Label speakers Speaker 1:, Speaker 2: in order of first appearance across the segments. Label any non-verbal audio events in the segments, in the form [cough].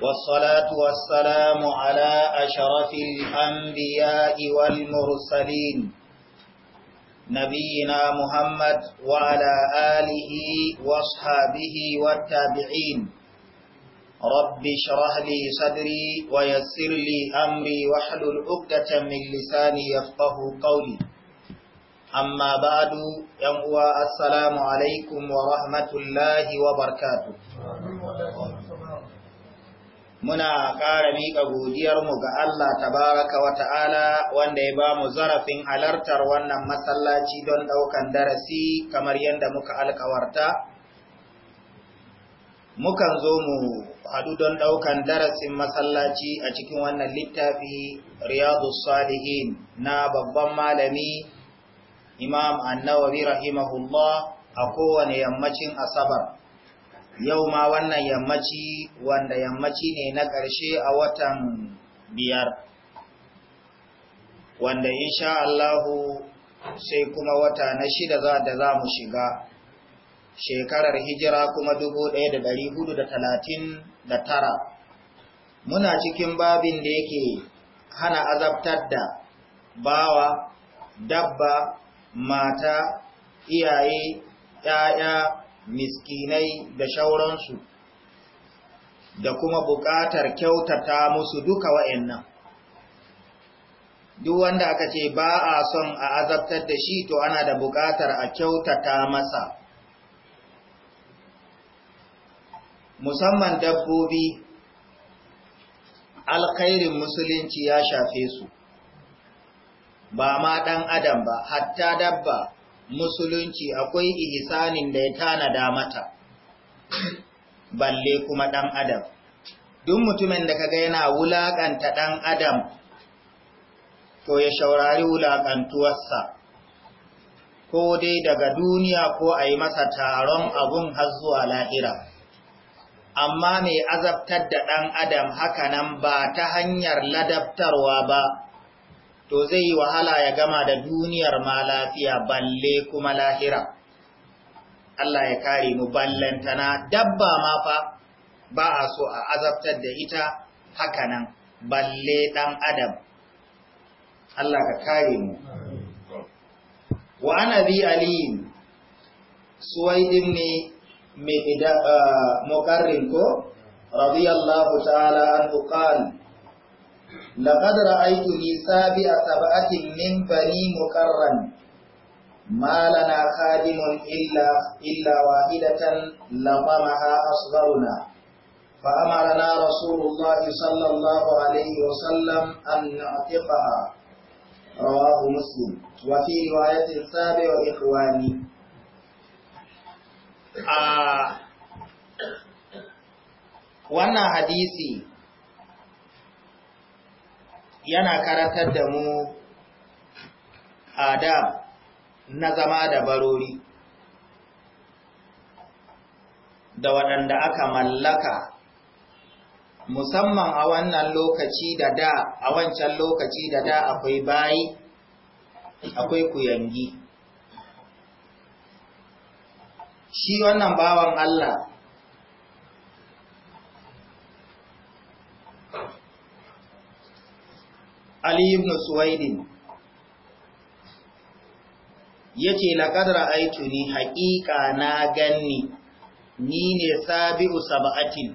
Speaker 1: والصلاة والسلام على أشرف الأنبياء والمرسلين نبينا محمد وعلى آله واصحابه والتابعين رب اشرح لي صدري ويسر لي أمري واحلل عقدة من لساني يفقه قولي أما بعد يمؤى السلام عليكم ورحمة الله وبركاته muna ƙara miƙa godiyarmu ga Allah tabaraka wa ta'ala wanda ya ba mu zarafin halartar wannan masallaci don ɗaukan darasi kamar yadda muka alkawarta. Mukan zo mu haɗu don ɗaukan darasin masallaci a cikin wannan littafi Riyadu Salihin na babban malami Imam Annawawi rahimahullah a kowane yammacin Asabar. yau ma wannan yammaci wanda yammaci ne na ƙarshe a watan biyar wanda insha Allahu sai kuma wata na shida za da za mu shiga shekarar hijira kuma dubu ɗaya da hudu da talatin da tara. muna cikin babin da yake hana azabtar da bawa dabba mata iyaye ‘ya'ya miskinai da shauransu da kuma buƙatar kyautata musu duka wa'annan duk wanda aka ce ba a son a azabtar da shi to ana da buƙatar a kyautata masa musamman dabbobi alkhairin musulunci ya shafe su ba ma ɗan adam ba hatta dabba musulunci akwai ihsanin da ya tanada mata balle kuma ɗan adam duk mutumin da kaga yana wulaƙanta ɗan adam to ya shaurari wulaƙantuwarsa ko dai daga duniya ko a yi masa taron abun har zuwa lahira amma mai azabtar da ɗan adam haka nan ba ta hanyar ladabtarwa ba to zai yi wahala ya gama da duniyar ma lafiya balle kuma lahira Allah ya kare mu ballantana dabba ma fa ba a so a azabtar da ita hakanan balle dan adam Allah ka kare mu wa ana bi alim suwaid ibn eh, muqarrin ko radiyallahu ta'ala an qala لقد رأيت لي سابع سبعة من بني مكرم ما لنا خادم إلا, إلا واحدة لطمها أصغرنا فأمرنا رسول الله صلى الله عليه وسلم أن نعتقها رواه مسلم وفي رواية السابع إخواني wannan آه. hadisi yana karantar da mu adab na zama da barori da waɗanda aka mallaka musamman a wannan lokaci da da a wancan lokaci da da akwai bayi akwai kuyangi shi wannan bawan Allah ali ibnu suwaydin yace laqad ra'aytuni haqiqa na ganni ni ne sabi'u sab'atin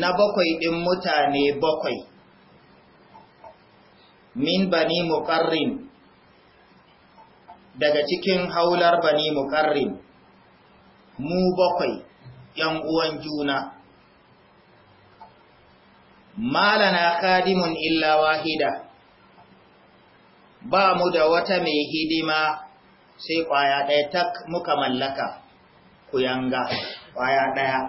Speaker 1: na bakwai ɗin mutane bakwai min bani muqarrin daga cikin haular bani muqarrin mu bakwai 'yan uwan juna malana khadimun illa wahida ba mu da wata mai hidima sai kwaya ɗaya tak muka mallaka ku yanga kwaya ɗaya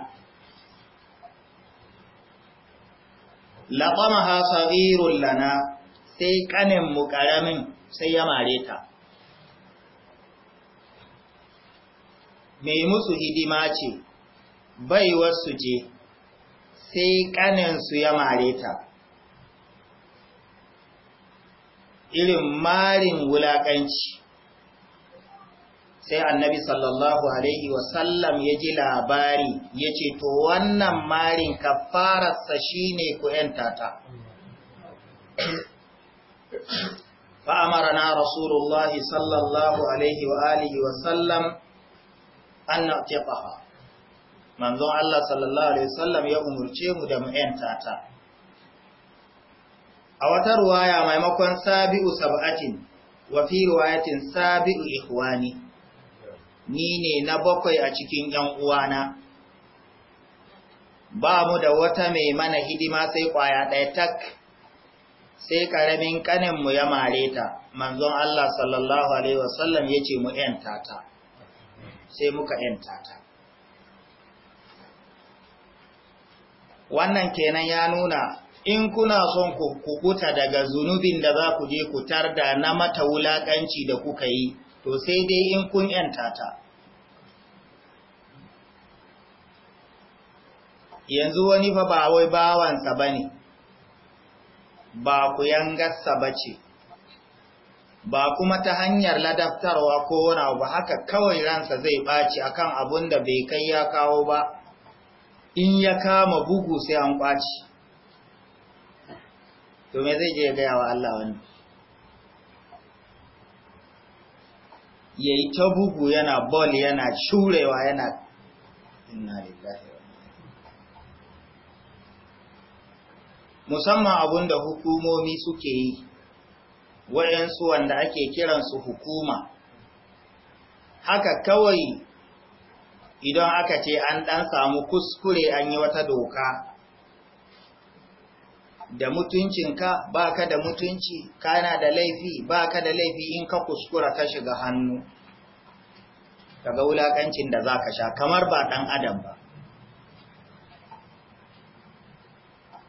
Speaker 1: laɓama ha sabirun lana sai ƙaninmu ƙaramin sai ya mare ta mai musu hidima ce bai wasu je sai ƙaninsu ya mare ta irin marin wulaƙanci sai annabi sallallahu alaihi wasallam ya ji labari ya ce to wannan marin kafararsa shi ne ku ‘yanta ta fa'amarana rasulullahi sallallahu alaihi wa alihi wasallam an na manzon Allah sallallahu alaihi wasallam ya umurce mu da mu ta a wata ruwaya maimakon sabi'u sab'atin wa fi sabi'u ikhwani ni ne na bakwai a cikin yan uwana ba mu da wata mai mana hidima sai kwaya ɗaya tak sai ƙaramin ƙaninmu ya mare ta manzon Allah sallallahu Alaihi wasallam ya ce mu ‘yanta ta sai muka ‘yanta ta wannan kenan ya nuna in kuna son ku kubuta daga zunubin da za ku je ku tarda na mata wulakanci da kuka yi to sai dai in kun yanta ta yanzu wani fa ba wai bawansa bane ba ku yangarsa bace ba kuma ta hanyar ladaftarwa ko wani abu haka kawai ransa zai ɓaci akan abun da bai kai ya kawo ba in ya kama bugu sai an kwaci to me zai je ya gaya wa Allah wani ya yi ta bugu yana bol yana shurewa yana inna lillahi musamman abun da hukumomi suke yi wa'yansu wanda ake kiransu hukuma haka kawai idan aka ce an ɗan samu kuskure an yi wata doka da mutuncinka ba ka da mutunci kana da laifi ba ka da laifi in ka kuskura ka shiga hannu daga wulaƙancin da za ka sha kamar ba ɗan adam ba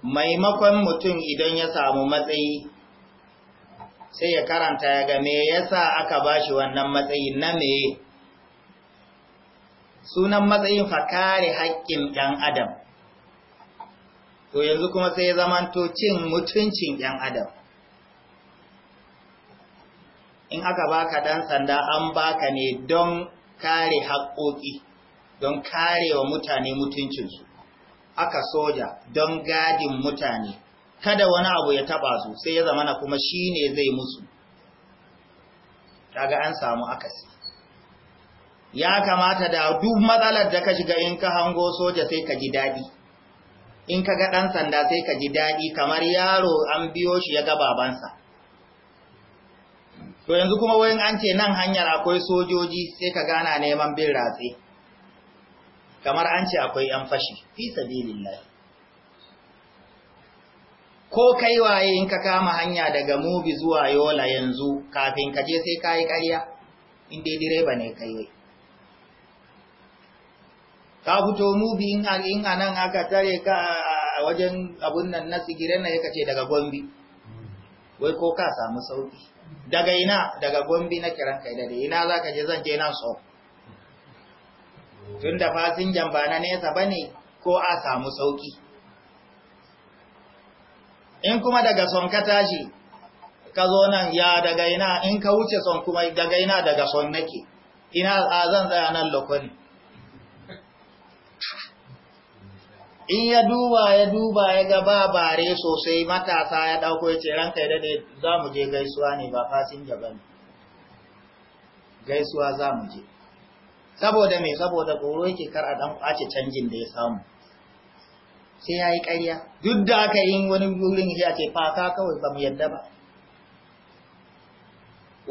Speaker 1: maimakon mutum idan ya samu matsayi sai ya karanta ya ga me yasa aka bashi wannan matsayi na me sunan matsayin fakare kare haƙƙin ɗan adam to yanzu kuma sai zamanto cin mutuncin ɗan adam in aka baka ɗan sanda an baka ne don kare haƙƙoƙi don kare wa mutane mutuncinsu aka soja don gadin mutane kada wani abu ya taba su sai ya zamana kuma shine zai musu kaga an samu akasi ya kamata da duk matsalar da ka shiga in ka hango soja sai ka ji daɗi in ka ga ɗan sanda sai ka ji daɗi kamar yaro an biyo shi ya ga babansa to yanzu kuma wayan an ce nan hanyar akwai sojoji sai ka gana neman bin ratse kamar an ce akwai yan fashi fi sabilillah ko kai waye in ka kama hanya daga mubi zuwa yola yanzu kafin ka je sai kai ƙarya in direba ne kai ka fito mubi in a nan aka tare ka a wajen abun nan na sigiren na yaka ce daga gombi wai ko ka samu sauki daga ina daga gombi na kiran kai da ina za ka je zan je nan so tun da fasinjan ba na nesa ba ne ko a samu sauki in kuma daga son ka tashi ka zo nan ya daga ina in ka wuce son kuma daga ina daga son nake ina a zan tsaya nan lokoni in ya duba ya duba ya ga ba bare sosai matasa ya dauko ya ce ranka ya dade za mu je gaisuwa ne ba fasinja ba ne gaisuwa za mu je saboda me saboda goro yake kar a dan kwace canjin da ya samu sai ya yi ƙarya duk da aka yi wani wurin ya ce faka kawai ba mu yadda ba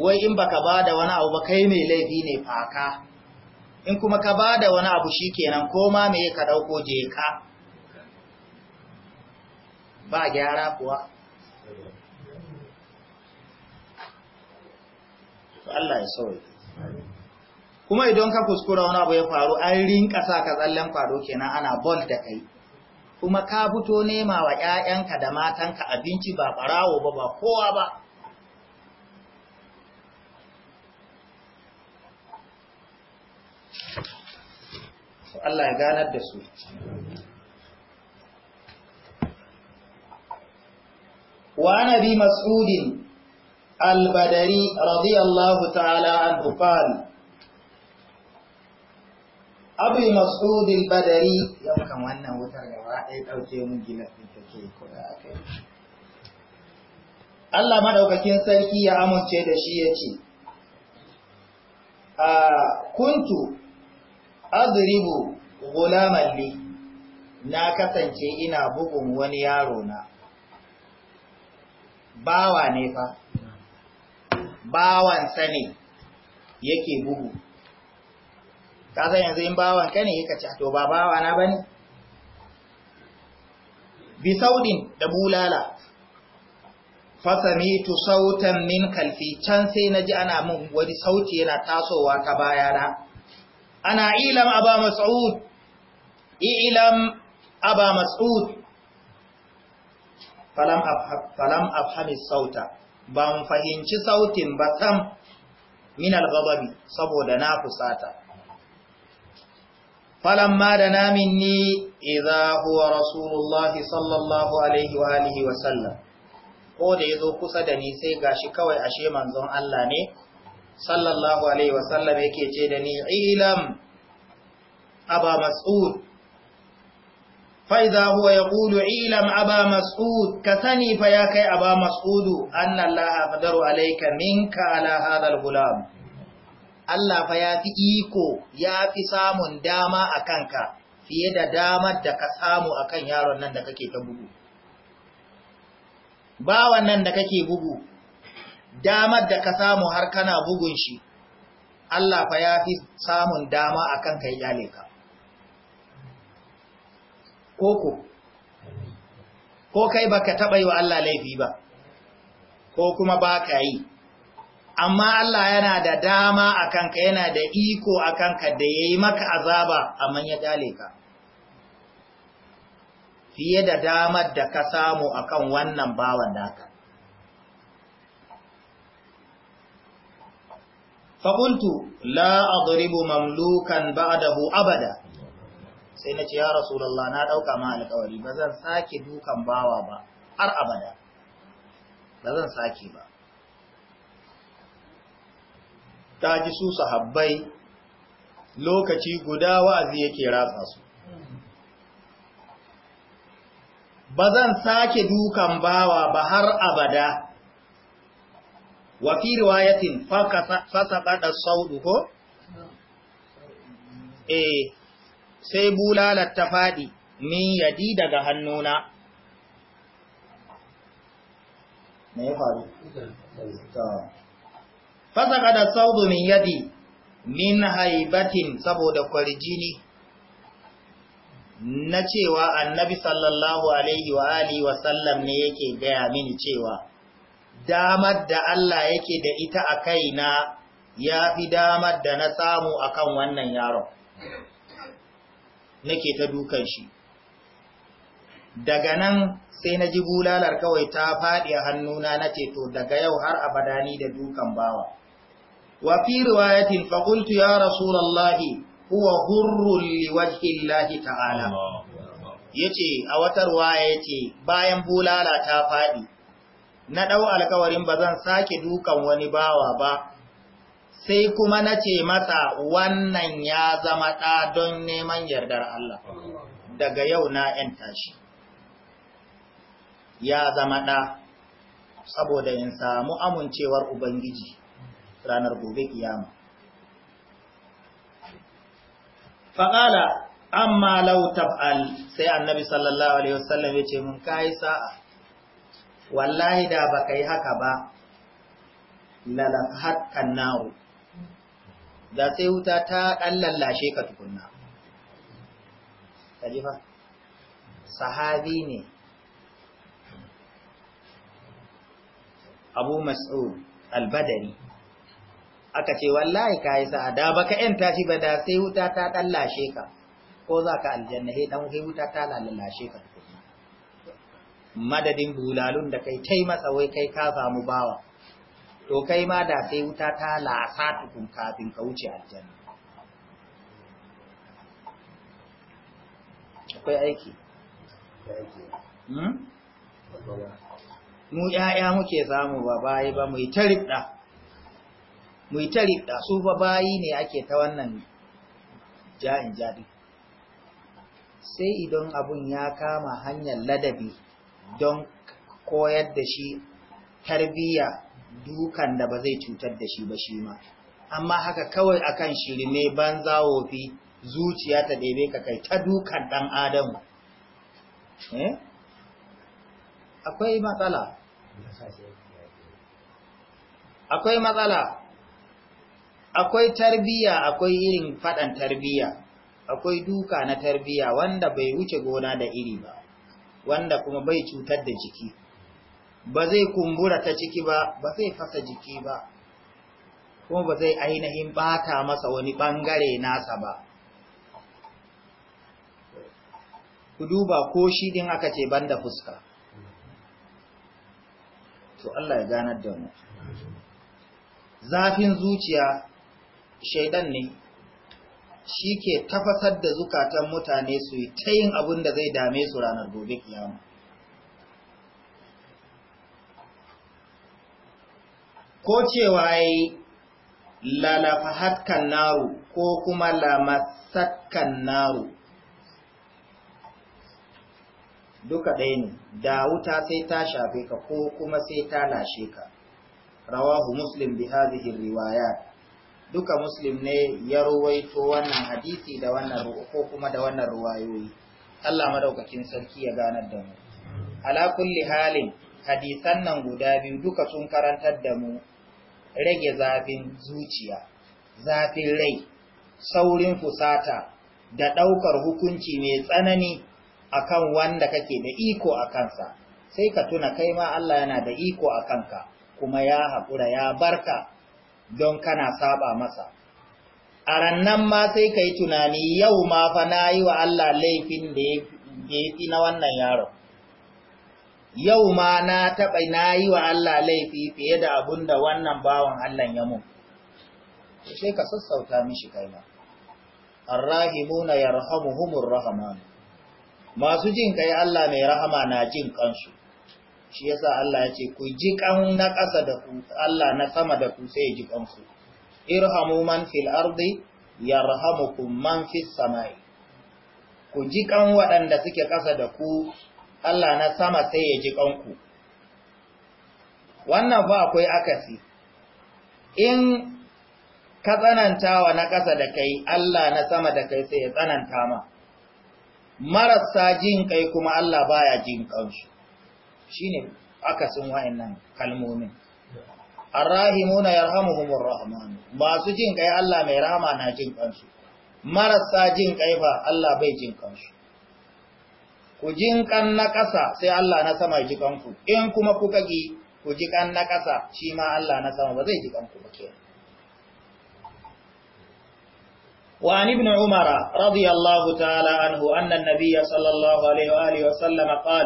Speaker 1: wai in baka ba da wani abu ba kai mai laifi ne faka in kuma ka ba da wani abu shi kenan ko ma me ka ɗauko je ka ba gyara kuwa Allah ya sauri kuma idan ka kuskura wani abu ya faru an rinka sa ka tsallen faru kenan ana bol da kai kuma ka fito nema wa ‘ya'yanka da matanka abinci ba barawo ba ba kowa ba Allah ya ganar da su وعن أبي مسعود البدري رضي الله تعالى عنه قال أبي مسعود البدري يوم كان وانا وتر غباء دوكي من جلس take kuɗa akai Allah madaukakin sarki ya amince da shi yace a kuntu adribu gulaman li na kasance ina bugun wani yaro na bawa ne fa bawansa ne yake bugu ka san yanzu in bawan ka ne yake ci to ba bawa na bane bi saudin da bulala fasamitu sautan min kalfi can sai naji ana mun wani sauti yana tasowa ta bayana ana ilam aba mas'ud ilam aba mas'ud falam afhami sauta ban fahimci sautin ba sam min al-ghadabi saboda na fusata ma da na minni idza huwa rasulullah sallallahu alaihi wa alihi wa sallam ko da yazo kusa da ni sai gashi kawai ashe manzon Allah ne sallallahu alaihi wa sallam yake ce da ni ilam aba mas'ud فإذا هو يقول إيلم أبا مسعود Ka sani أبا مسعود أن الله قدر Allah fa ya fi iko ya fi samun dama a kanka fiye da damar da ka samu a kan yaron nan da kake ta bugu. Bawan nan da kake bugu, damar da ka samu har kana bugun shi, Allah fa ya fi samun dama a kanka ya ka. koko ko kai baka taɓa yi wa Allah laifi ba ko kuma baka yi amma Allah yana da dama a kanka yana da iko a kanka da ya yi maka azaba amma ya dale ka fiye da damar da ka samu akan wannan bawan naka faƙuntu la a mamlukan ba'adahu abada sai na ce ya rasulullah na ɗauka ma alƙawari ba zan sake dukan bawa ba har abada ba zan sake ba ta ji su sahabbai lokaci guda wa'azi yake ratsa su ba zan sake dukan bawa ba har abada wa fi riwayatin fasaqada saudu ko eh sai bulalar ta faɗi min yadi daga hannuna. Me Fasaka da saudu min yadi min haibatin saboda kwarjini na cewa annabi sallallahu alaihi wa alihi wa sallam ne yake gaya mini cewa damar da Allah yake da ita a kaina ya fi damar da na samu akan wannan yaron. nake ta dukan shi daga nan sai na ji bulalar kawai ta faɗi a hannuna na ceto to daga yau har abada ni da dukan bawa wa fi riwayatin fa qultu ya rasulullahi huwa hurrul liwajhi llahi ta'ala yace a wata riwaya yace bayan bulala ta faɗi na dau alkawarin bazan sake dukan wani bawa ba sai kuma na ce masa wannan ya zama ɗa don neman yardar Allah daga yau na 'yan tashi, ya zama ɗa saboda in samu amincewar Ubangiji ranar gobe kiyama. Faƙala, amma lautab al sai annabi sallallahu Alaihi wasallam ya ce mun kayi sa'a, wallahi da ba ka yi haka ba, lalafat kan na'u. da sai wuta ta ɗan lallashe ka tukunna kalifa sahabi ne abu mas'u albadari aka ce wallahi ka yi sa'a da baka ‘yanta shi ba da sai wuta ta ɗan lashe ka ko za ka aljanna he ɗan wuta ta lallashe ka tukunna madadin bulalun da kai tai wai kai ka samu bawa to kai ma da sai wuta ta lasa tukun kafin ka wuce aljanna akwai aiki hmm? mu ya'ya muke samu ba bayi ba mu yi ta riɗa mu yi su ba bayi ne ake ta wannan ja'in jadi sai idan abun ya kama hanyar ladabi don koyar da shi tarbiyya dukan da ba zai cutar da shi ba shi ma amma haka kawai akan shirme banza wofi zuciya ta ɗebe ka kai ta dukan ɗan adamu eh? akwai matsala akwai matsala akwai tarbiya akwai irin faɗan tarbiya akwai duka na tarbiya wanda bai wuce gona da iri ba wanda kuma bai cutar da jiki ba zai kumbura ta ciki ba ba zai fasa jiki ba kuma ba zai ainihin bata masa wani bangare nasa ba ku duba ko shi din aka ce banda fuska to Allah ya ganar da mu zafin zuciya shaidan ne shi ke tafasar da zukatan mutane su yi ta yin abin da zai dame su ranar gobe kiyama ko cewa yi lalafahatkan naru ko kuma lamasakkan naru duka ɗaya ne da wuta sai ta shafe ka ko kuma sai ta lashe ka rawahu muslim bi hazihi riwayat duka muslim ne ya ruwaito wannan hadisi da wannan ko kuma da wannan ruwayoyi Allah madaukakin sarki ya ganar da mu ala kulli halin hadisan nan guda biyu duka sun karantar da mu rage zafin zuciya zafin rai saurin fusata da ɗaukar hukunci mai tsanani akan wanda kake da iko a kansa sai ka tuna kai ma Allah yana da iko a kanka kuma ya haƙura ya barka don kana saba masa a rannan ma sai ka yi tunani yau ma fa na yi wa Allah laifin da ya fi na wannan yaron yau ma na taɓa na yi wa Allah laifi fiye da abun da wannan bawan Allah ya mun. Sai ka sassauta mishi kai ma. Arrahimuna ya rahamuhumur rahamanu. Masu jin kai Allah mai rahama na jin kansu. Shi yasa Allah ya ce, Ku ji kan na ƙasa da ku, Allah na sama da ku sai ji kansu. Irhamu man fil ardi, yarhamukum man fis samai. Ku ji kan waɗanda suke ƙasa da ku, Allah na sama sai ya ji ƙanku. Wannan fa akwai akasi, in ka tsananta wa na ƙasa da kai, Allah na sama da kai sai ya tsananta ma, marasa jin kai kuma Allah baya jin ƙansu, shi ne akasin wa'in kalmomin. Arrahimuna yarhamuhumur rahman masu jin kai Allah mai rahama na jin kansu marasa jin kai ba, Allah bai jin kansu ku jinƙan na ƙasa sai Allah na sama ji kanku in kuma kuka gi, ku jiƙan na ƙasa shi ma Allah na sama ba zai ji kanku ba kenan Ibn ابن عمر رضي الله تعالى عنه أن Sallallahu alaihi الله عليه وآله وسلم قال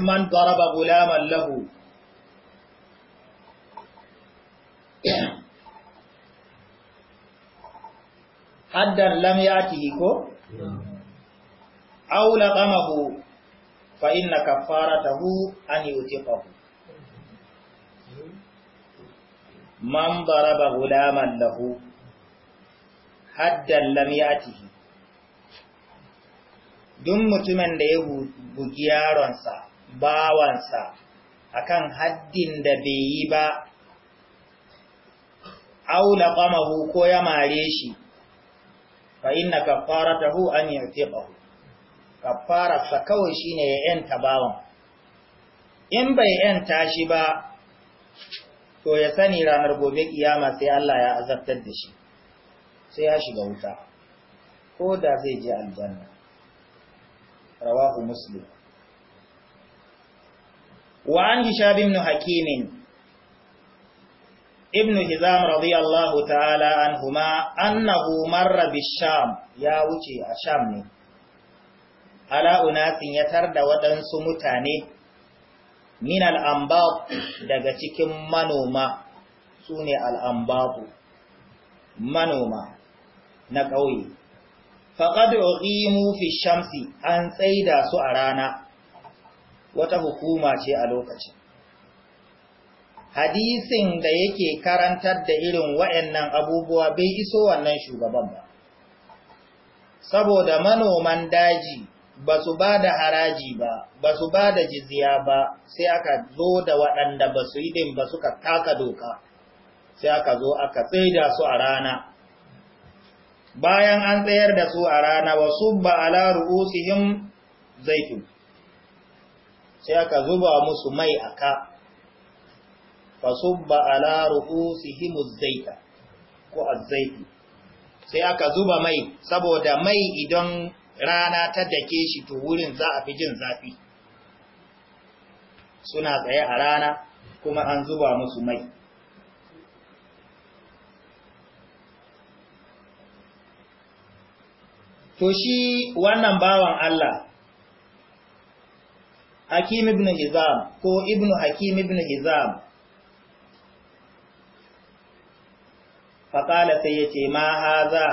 Speaker 1: من ضرب غلاما له حدا لم يأته ko? aula ghamahu fa inna kaffaratahu an yutiqahu man daraba ghulaman lahu haddan lam yatihi duk mutumin da ya bugi yaronsa bawansa akan haddin da bai yi ba aula qamahu ko ya mare shi fa inna kaffaratahu an yutiqahu kafararsa kawai shine ya yanta bawan in bai yanta shi ba to ya sani ranar gobe kiyama sai Allah ya azabtar da shi sai ya shiga wuta ko da zai je aljanna rawahu muslim wa an hishab ibn hakim ibn hizam radiyallahu ta'ala ma. annahu marra bisham ya wuce a sham ne ala unasin ya da waɗansu mutane min al'ambab daga cikin manoma su ne al'ambabu manoma na ƙauye faƙad mu fi shamsi an tsaida su a rana wata hukuma ce a lokaci. hadisin da yake karantar da irin wa'yannan abubuwa bai iso wannan shugaban ba saboda manoman daji ba su ba da haraji ba, ba su ba da jiziya ba, sai aka zo da waɗanda ba su yi din ba suka taka doka, sai aka zo aka tsaida su a rana. Bayan an tsayar da su a rana, wasu ba ala ru'usihim zaitun, sai aka zuba musu mai a ka, su ba ala ru'usihim zaita ko azzaitu, sai aka zuba mai, saboda mai idan rana ta dake shi to wurin za a fi jin zafi suna tsaye a rana kuma an zuba musu mai to shi wannan bawan Allah Hakim ibn Hizam ko ibn Hakim ibn Hizam faƙala sai ya ce ma haza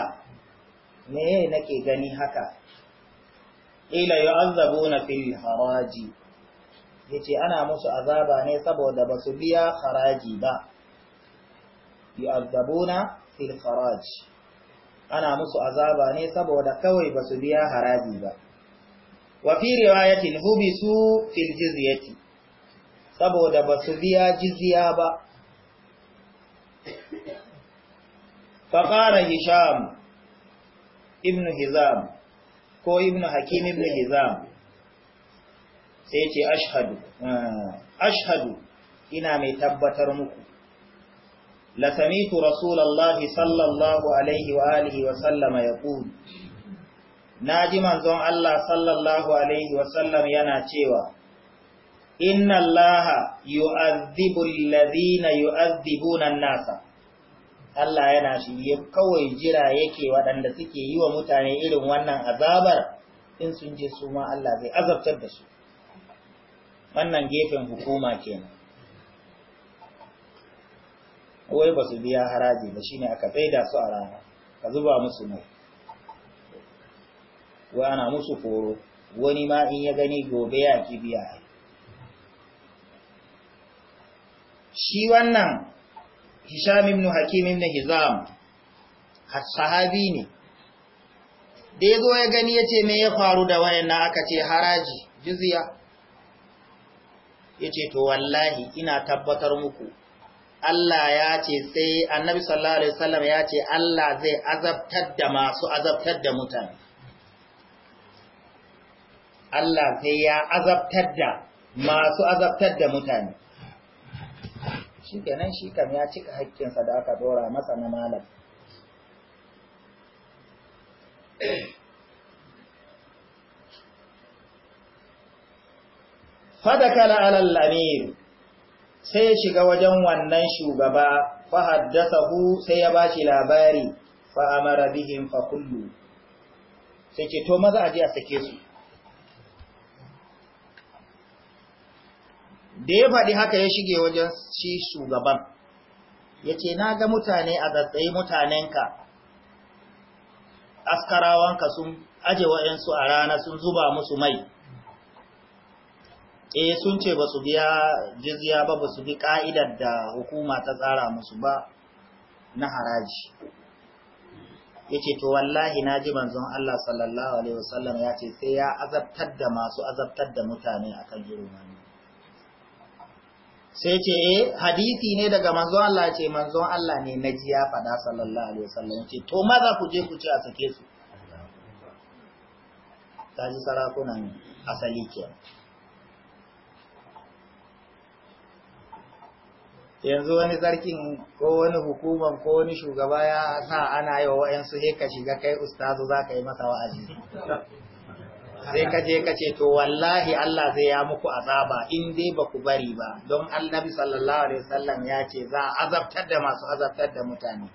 Speaker 1: me nake gani haka ila yu'azzabuna fil haraji yace ana musu azaba ne saboda ba su biya haraji ba yu'azzabuna fil haraj ana musu azaba ne saboda kawai ba su biya haraji ba wa fi riwayatin hubisu fil jizyati saboda ba su biya jizya ba faqara hisham ibnu hizam ko ibn hakim ibn hizam sai ce ashhadu eh, ashhadu ina mai tabbatar muku la samitu rasulullahi sallallahu alaihi wa alihi wa sallama yaqulu naji manzon Allah sallallahu alaihi wa sallam yana cewa inna allaha yu'adhibu alladhina yu'adhibuna an-nasa Allah yana shirye kawai jira yake waɗanda suke yi wa mutane irin wannan azabar in sun je su ma Allah zai azabtar da su wannan gefen hukuma kenan wai ba su biya haraji ba ne aka faida su a rana ka zuba musu mai wai ana musu koro wani ma in ya gani gobe ya ki biya shi wannan hisham ibn hakim ibn hizam sahabi ne da ya zo ya gani ya ce me ya faru da wayannan aka ce haraji jizya ya ce to wallahi ina tabbatar muku Allah ya ce sai annabi sallallahu alaihi wasallam ya ce Allah zai azabtar da masu azabtar da mutane Allah sai ya azabtar da masu azabtar da mutane shi kenan shi kam ya cika haƙƙinsa da aka dora masa na malam fadakala alal amir sai ya shiga wajen wannan shugaba fa haddathahu sai ya ba shi labari fa amara bihim fa kullu sai ce to maza aje a sake su da ya faɗi haka ya shige wajen shi shugaban ya ce na ga mutane a tsatsayi mutanenka askarawanka sun aje wa'yansu a rana sun zuba musu mai e sun ce ba su biya jizya ba ba su bi ƙa'idar da hukuma ta tsara musu ba na haraji Yace to wallahi na ji manzon Allah sallallahu Alaihi wasallam ya ce sai ya azabtar da masu azabtar da mutane akan irin wannan sai ce eh hadisi ne daga manzon Allah ce manzon Allah ne na ji ya faɗa sallallahu alaihi wasallam ce to maza ku je ku ci a sake su ta ji sarakunan asali ke yanzu wani sarkin ko wani hukuman ko wani shugaba ya sa ana yi wa wa'yansu sai ka shiga kai ustazu za ka yi masa wa'azi sai ka je ka ce to wallahi Allah zai ya muku azaba in dai ba ku bari ba don annabi sallallahu alaihi wasallam ya ce za a azabtar da masu azabtar da mutane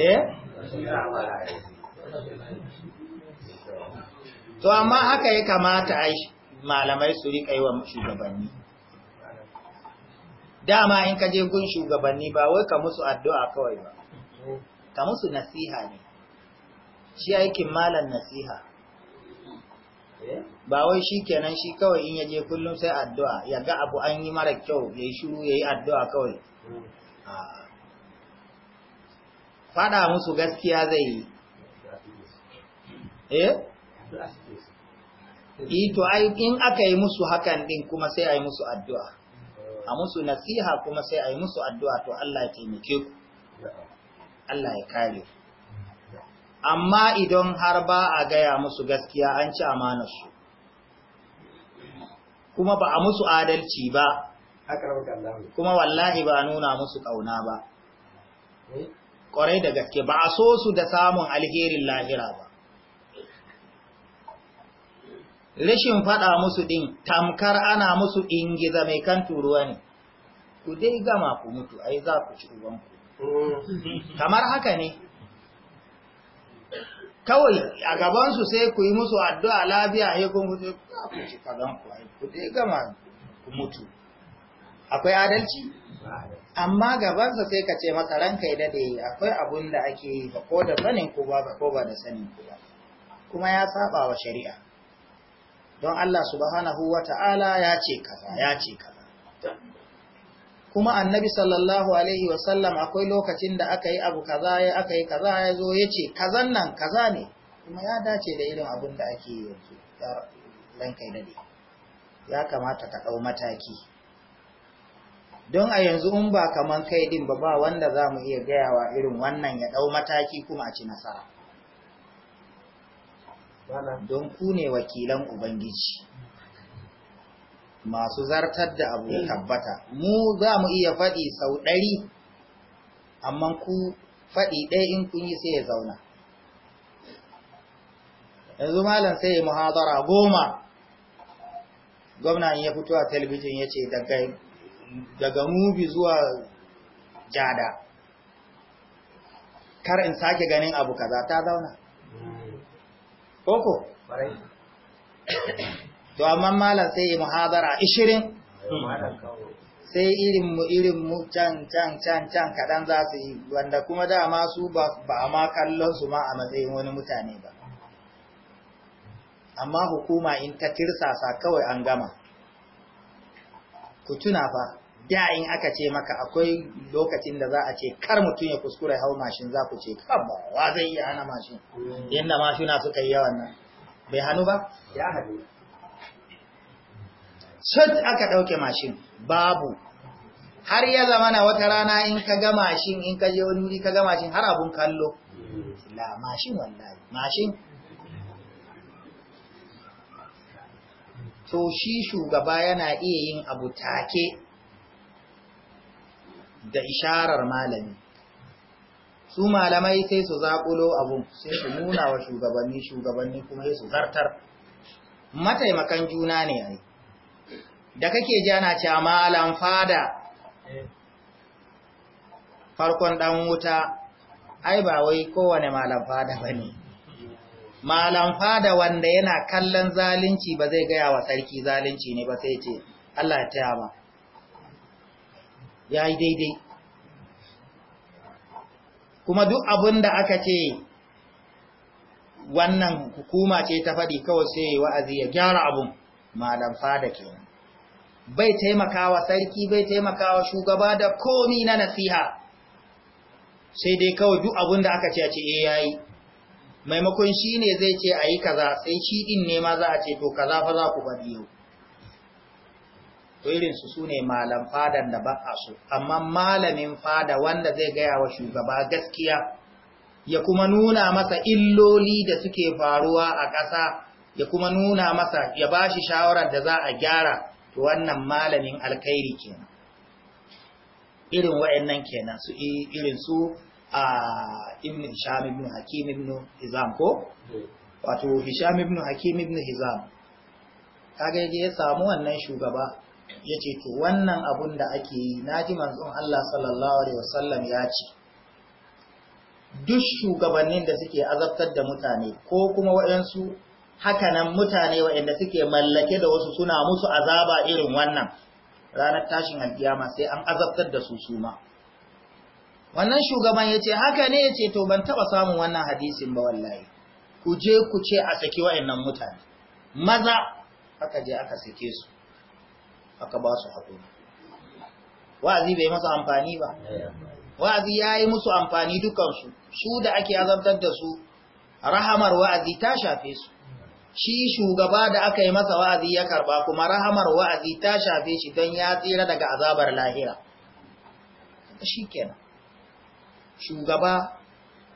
Speaker 1: eh
Speaker 2: to amma haka ya kamata
Speaker 1: ai malamai su rika yi wa shugabanni dama in ka je gun shugabanni ba wai ka musu addu'a kawai ba ka musu nasiha ne shi aikin malan nasiha ba wai shi kenan shi kawai in yaje kullum sai addu'a ya ga abu an yi mara kyau ya yi shuru ya yi addu'a kawai hmm. ah. fada musu gaskiya zai yi eh, hmm. eh to in aka yi musu hakan din kuma sai a yi musu addu'a a hmm. musu nasiha kuma sai a yi musu addu'a to Allah ya taimake ku Allah ya kare ku amma idan har ba a gaya musu gaskiya an ci amanarsu kuma ba a musu adalci ba kuma wallahi ba nuna musu ƙauna ba eh? ƙwarai da gaske ba a so su da samun alherin lahira ba rashin faɗa musu ɗin tamkar ana musu ingiza mai kan turuwa ne ku dai gama ku mutu ai za ku ci ubanku mm. kamar haka ne kawai a gabansu sai ku yi musu addu'a lafiya ya kun mutu ku ci kagan ku ku dai gama ku mutu akwai adalci amma gabansa sai ka ce makaranta ya dade akwai abun da ake yi ba ko da sanin ku ba ko ba da sanin ku ba kuma ya saba wa shari'a don Allah subhanahu wa ta'ala ya ce kaza ya ce kaza kuma annabi sallallahu alaihi wasallam akwai lokacin da aka yi abu kaza ya aka yi kaza ya zo ya ce kazan nan kaza ne kuma ya dace da irin abin da ake yi yanzu kai ya kamata ka ɗau mataki don a yanzu in ba kaman kai ɗin ba ba wanda za mu iya gayawa irin wannan ya ɗau mataki kuma a ci nasara don ku ne wakilan ubangiji masu zartar da abu ya mm. tabbata mu za mu iya faɗi sau ɗari amma ku faɗi ɗaya in kun yi sai ya zauna yanzu malam sai muhazara goma gwamna ya fito a talibijin ya ce daga mubi zuwa jada kar in sake ganin abu kaza ta zauna koko mm. [coughs] to amma malam sai yi muhabara ishirin? sai irin mu irin mu can can can can kadan za su yi wanda kuma dama su ba a ma kallon su ma a matsayin wani mutane ba amma hukuma in ta tirsasa kawai an gama ku tuna fa da in aka ce maka akwai lokacin da za a ce kar mutum ya kuskure hau mashin za ku ce kaba wa zai iya hana mashin yadda mashina suka yi yawan nan bai hannu ba ya hannu sut aka ɗauke mashin babu har ya zama na wata rana in ka ga mashin in ka je wani wuri ka ga mashin har abun kallo la mashin wallahi mashin to shi shugaba yana iya yin abu take da isharar malami su malamai sai su zakulo abun sai su nuna wa shugabanni shugabanni kuma sai su zartar mataimakan juna ne yayi da kake jana ce malam fada farkon dan wuta ai ba wai kowane malam fada bane malam fada wanda yana kallon zalunci ba zai gaya wa sarki zalunci ne ba sai ce Allah ya taya ma yayi daidai kuma duk abin da aka ce wannan hukuma ce ta faɗi kawai sai wa'azi ya gyara abun malam fada kenan bai taimakawa sarki bai taimakawa shugaba da komi na nasiha sai dai kawai duk abin da aka ce a ce eh yayi maimakon shine zai ce a yi kaza sai shi din ne ma za a ce to kaza fa za ku bari yau irinsu su ne malam fadan da ba a so amma malamin fada wanda zai gaya wa shugaba gaskiya ya kuma nuna masa illoli da suke faruwa a ƙasa ya kuma nuna masa ya bashi shi shawarar da za a gyara to wannan malamin alkhairi kenan irin wa'annan kenan su irin su a ibn hisham ibn hakim ibn hizam ko wato hisham ibn hakim ibn hizam kaga yaje ya samu wannan shugaba yace to wannan abun da ake yi naji manzon Allah sallallahu alaihi wasallam ya ce duk shugabannin da suke azabtar da mutane ko kuma wa'yansu. hakanan mutane waɗanda suke mallake da wasu suna musu azaba irin wannan ranar tashin alkiyama sai an azabtar da su suma wannan shugaban yace ce haka ne ya to ban taɓa samun wannan hadisin ba wallahi ku je ku ce a saki waɗannan mutane maza aka je aka sake su aka ba su hakuri wa'azi bai masa amfani ba wa'azi ya musu amfani dukansu su da ake azabtar da su rahamar wa'azi ta shafe su shi shugaba da aka yi masa wa'azi ya karba kuma rahamar wa'azi ta shafe shi don ya tsira daga azabar lahira shi kenan shugaba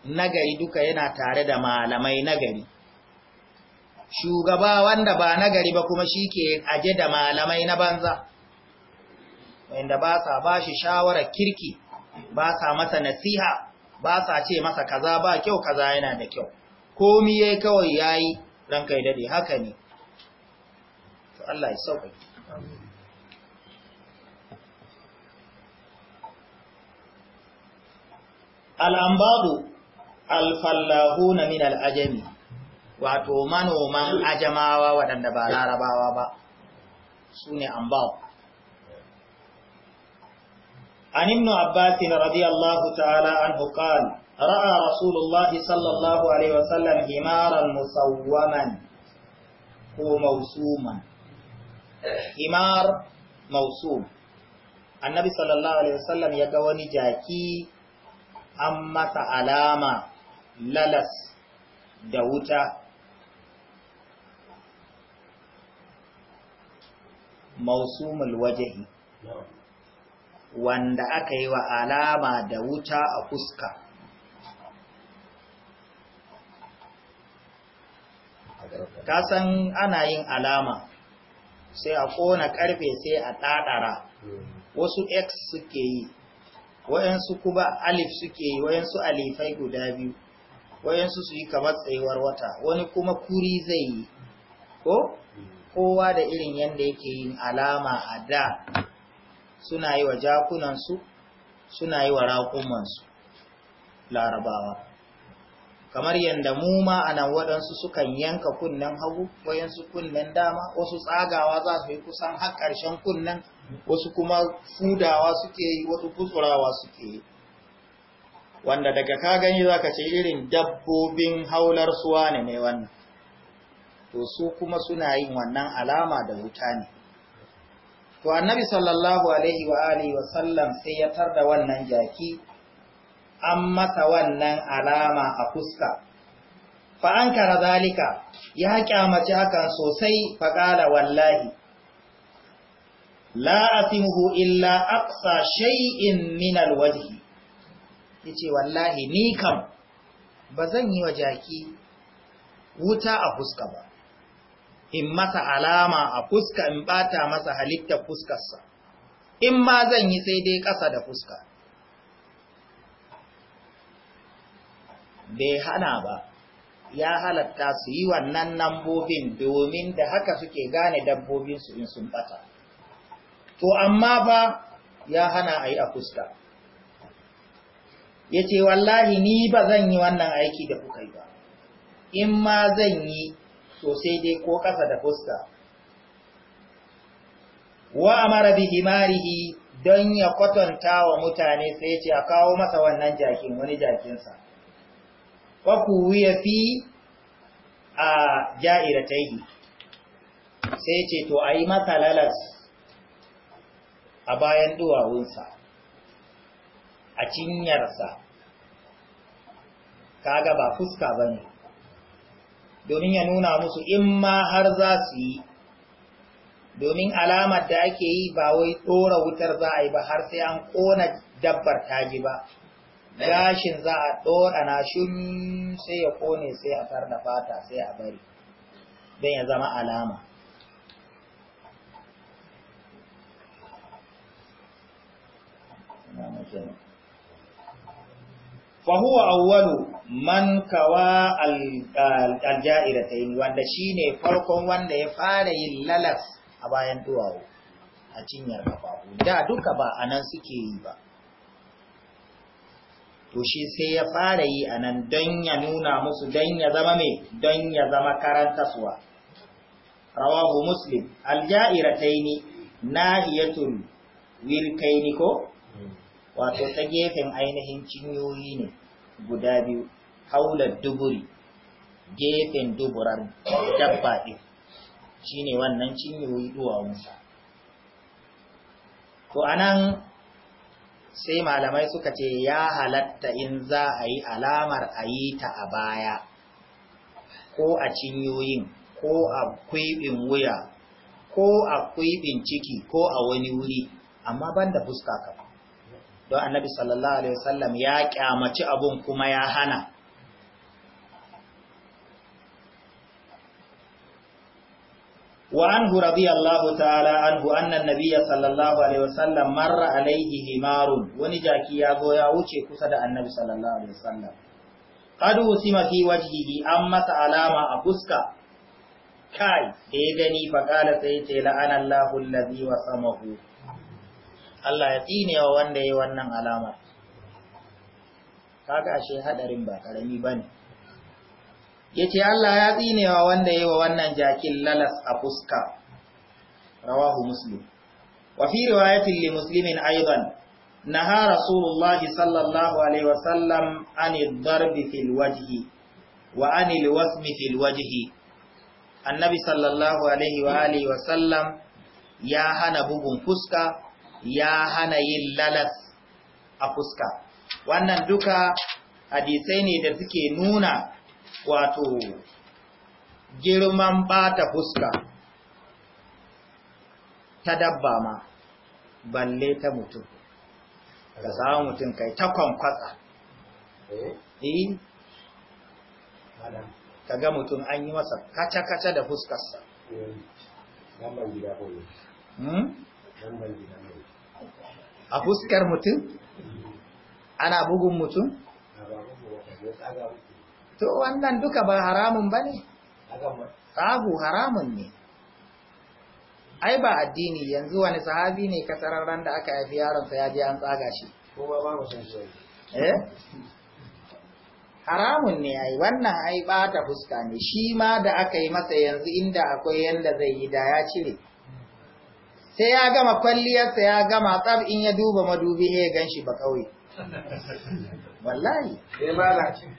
Speaker 1: nagari duka yana tare da malamai nagari shugaba wanda ba nagari ba kuma shi ke aje da malamai na banza wanda ba sa ba shi shawarar kirki ba sa masa nasiha ba sa ce masa kaza ba kyau kaza yana da kyau komi yi kawai ya yi. ranka ya dade haka ne to Allah ya sauka al'ambadu alfallahuna min al'ajami wato manoman ajamawa waɗanda ba larabawa ba su ne ambadu an ibn abbasin radiyallahu ta'ala an hukali ra'a rasulullahi sallallahu alaihi wasallam himaran musawwaman ko mausuman himar mausum annabi sallallahu alaihi wasallam ya ga wani jaki an masa alama lalas da wuta mausumul wajahi wanda aka yi wa alama da wuta a fuska ka san ana yin alama sai a kona karfe sai a ɗaɗara wasu x suke yi wayansu kuma alif suke yi wayansu alifai guda biyu wayansu su yi kamar tsayuwar wata wani kuma kuri zai yi ko kowa da irin yadda yake yin alama a da suna yi wa jakunansu suna yi wa raƙumansu larabawa kamar yadda mu ma a nan waɗansu sukan yanka kunnen hagu wayansu kunnen dama wasu tsagawa za su yi kusan har ƙarshen kunnen wasu kuma fudawa suke yi wasu kutsurawa suke yi wanda daga ka gani za ka ce irin dabbobin haular suwa ne mai wannan to su kuma suna yin wannan alama da wuta ne to annabi sallallahu alaihi wa alihi wa sallam sai ya tarda wannan jaki an masa wannan alama a fuska fa an kara zalika ya kyamaci hakan sosai fa faƙala wallahi la asimuhu illa aqsa shay'in min alwajhi yace wallahi ni kam bazan yi wa jaki wuta a fuska ba in masa alama a fuska in bata masa halittar fuskarsa in ma zan yi sai dai ƙasa da fuska bai hana ba ya halatta su yi wannan nambobin domin da haka suke gane dabbobin su in sun bata to amma ba ya hana a yi a fuska ya ce wallahi ni ba zan yi wannan aiki da kuka yi ba in ma zan yi sosai dai ko kasa da fuska wa amara bi don ya kwatanta wa mutane sai ce a kawo masa wannan jakin wani jakinsa ya fi a ja'iratai sai ce to a yi masa lalas a bayan duwawunsa a cinyarsa kaga ba fuska ba ne domin ya nuna musu in ma har za su yi domin alamar da ake yi ba wai ɗora wutar za a yi ba har sai an ƙona dabbar taji ba gashin za a ɗorana shun sai ya kone sai a da fata sai a bari don ya zama alama fahuwa awwalu man kawa alja'irata ta wanda shi ne farkon wanda ya fara yin lalas a bayan duwawo a cinyar kafafu da duka ba a nan suke yi ba to shi sai ya fara yi a nan don ya nuna musu don ya zama mai don ya zama karantaswa rawahu muslim alja'ira ta yi ni aljairataini wilkai ni ko wato ta gefen ainihin cinyoyi ne guda biyu haular duburi gefen duburar dabba ɗin shine wannan cinyoyi duwawunsa ko anan sai malamai suka ce ya halatta in za a yi alamar a yi ta a baya ko a cinyoyin ko a kwaibin wuya ko a kwaibin ciki ko a wani wuri amma ban da fuska ka don annabi sallallahu alaihi wasallam ya kyamaci abun kuma ya hana وعنه رضي الله تعالى عنه أن النبي صلى الله عليه وسلم مر عليه همار ونجاكي يا يغو وشي كسد النبي صلى الله عليه وسلم قد وسم في وجهه أما سألام أبسك كاي ديغني فقال سيتي لأن الله الذي وسمه الله يتيني ووانده يوانا علامة kaga ashe hadarin ba karami bane ya ce Allah ya tsinewa wanda yi wa wannan jakin lalas a fuska rawahu muslim wa fi riwayatin li muslimin aidan naha rasulullahi sallallahu alaihi wasallam anid darbi fil wajhi wa anil wasmi fil wajhi annabi sallallahu alaihi wa alihi wasallam ya hana bugun fuska ya hana yin lalas a fuska wannan duka hadisai ne da suke nuna wato girman bata fuska ta dabba ma balle ta mutum ka samu mutum kai ta kwankwasa eh, eh? ka ga mutum an yi masa kaca-kaca da fuskarsa eh, hmm? a fuskar mutum mm. ana bugun mutum to wannan duka ba haramun ba ne? Tsahu haramun ne. Ai ba addini yanzu wani sahabi ne kasararren da aka haifi yaronsa ya je an tsaga shi. Eh? Haramun ne ai wannan ai bata fuska ne shi ma da aka yi masa yanzu inda akwai yanda zai yi da ya cire. Sai ya gama kwalliyarsa ya gama tsab in ya duba madubi ya ganshi shi ba kawai. [laughs] Wallahi.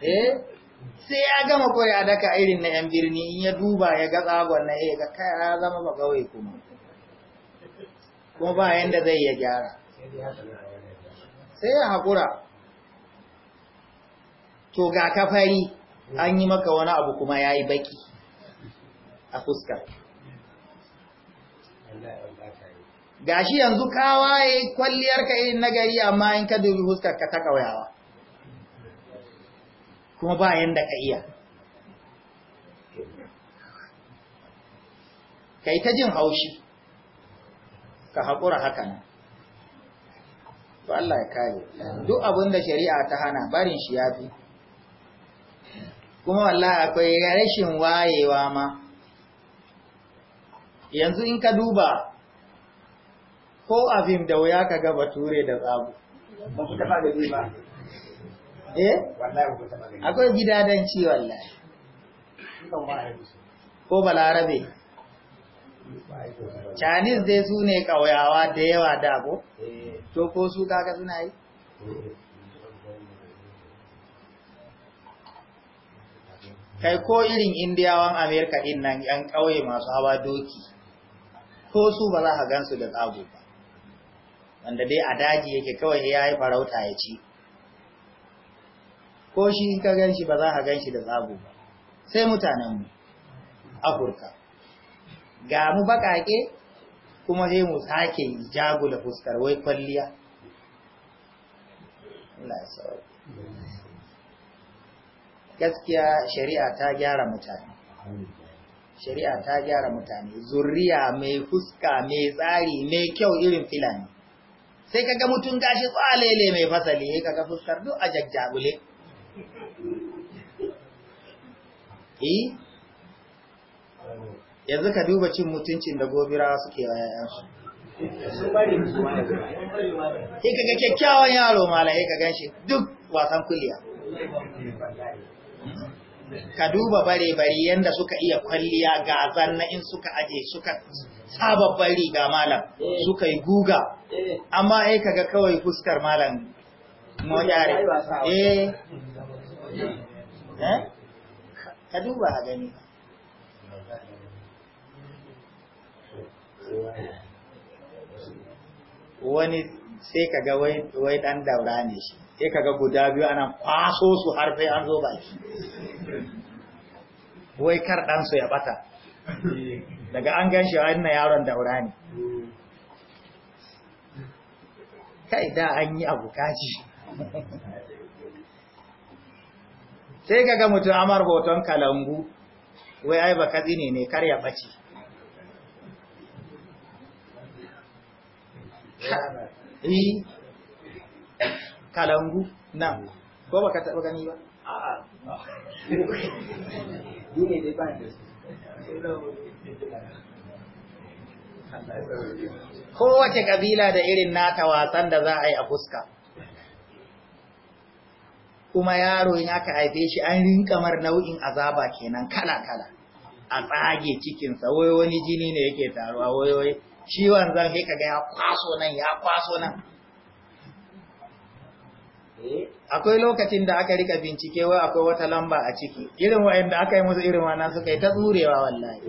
Speaker 1: Eh? sai ya gama kawai a daka irin na 'yan birni in ya duba ya ga tsagon na ya ga ya zama ba kawai kuma kuma ba yadda zai ya gyara sai ya haƙura to ga kafari an yi maka wani abu kuma ya yi baki a fuskar gashi yanzu kawaye kwalliyarka irin nagari amma in ka dubi fuskar ka ta ƙauyawa kuma ba yadda ka iya kai ta jin haushi ka haƙura haka nan to Allah ya kare duk abinda shari'a ta hana barin shi ya fi. kuma wallahi akwai rashin wayewa ma yanzu in ka duba ko abin da wuya ka ga bature da tsabu ba ku taɓa da ba eh akwai gidadanci wallahi ko balarabe chinese dai su ne ƙauyawa da yawa da dago eh. to ko su kaga suna yi kai ko irin indiyawan amerika din nan yan ƙauye masu hawa doki ko su ba za ka gansu da tsago ba wanda dai a daji yake kawai ya yi farauta ya ci ko shi ka gan shi ba za a gan shi da zago ba sai mutanenmu afirka ga mu baƙaƙe kuma sai mu sake jagula fuskar wai kwalliya gaskiya shari'a ta gyara mutane shari'a ta gyara mutane zurriya mai fuska mai tsari mai kyau irin filani sai kaga mutum gashi tsalele mai fasali kaga fuskar duk a jajjagule Eh? yanzu ka duba cin mutuncin da gobira suke wa yayansu sai kaga kyakkyawan yaro malaye ka ganshi duk wasan kuliya ka duba bare-bare yadda suka iya kwalliya ga zanna in suka aje suka sababban riga malam suka yi guga amma ai kaga kawai fuskar malam mo yare eh Eh? wani sai ka ga wai ɗan daura ne shi sai ka ga guda biyu ana kwaso su harfai an zo baki wai kar ɗansu ya ɓata daga an gan shi wannan yaron daura ne kai da an yi abu kaji sai kaga mutum amar hoton kalangu wai ai baka zine ne kar ya bace eh kalangu na ko baka taba gani ba kowace kabila da irin nata wasan da za a yi a fuska kuma yaro in aka haife shi an rin kamar nau'in azaba kenan kala-kala a tsage cikinsa wai wani jini ne yake taruwa wai wai ciwon zan sai kaga ya kwaso nan ya kwaso nan eh? akwai lokacin da aka rika bincike wai akwai wata lamba a ciki irin da aka yi musu irin nan suka yi ta tsurewa eh, wallahi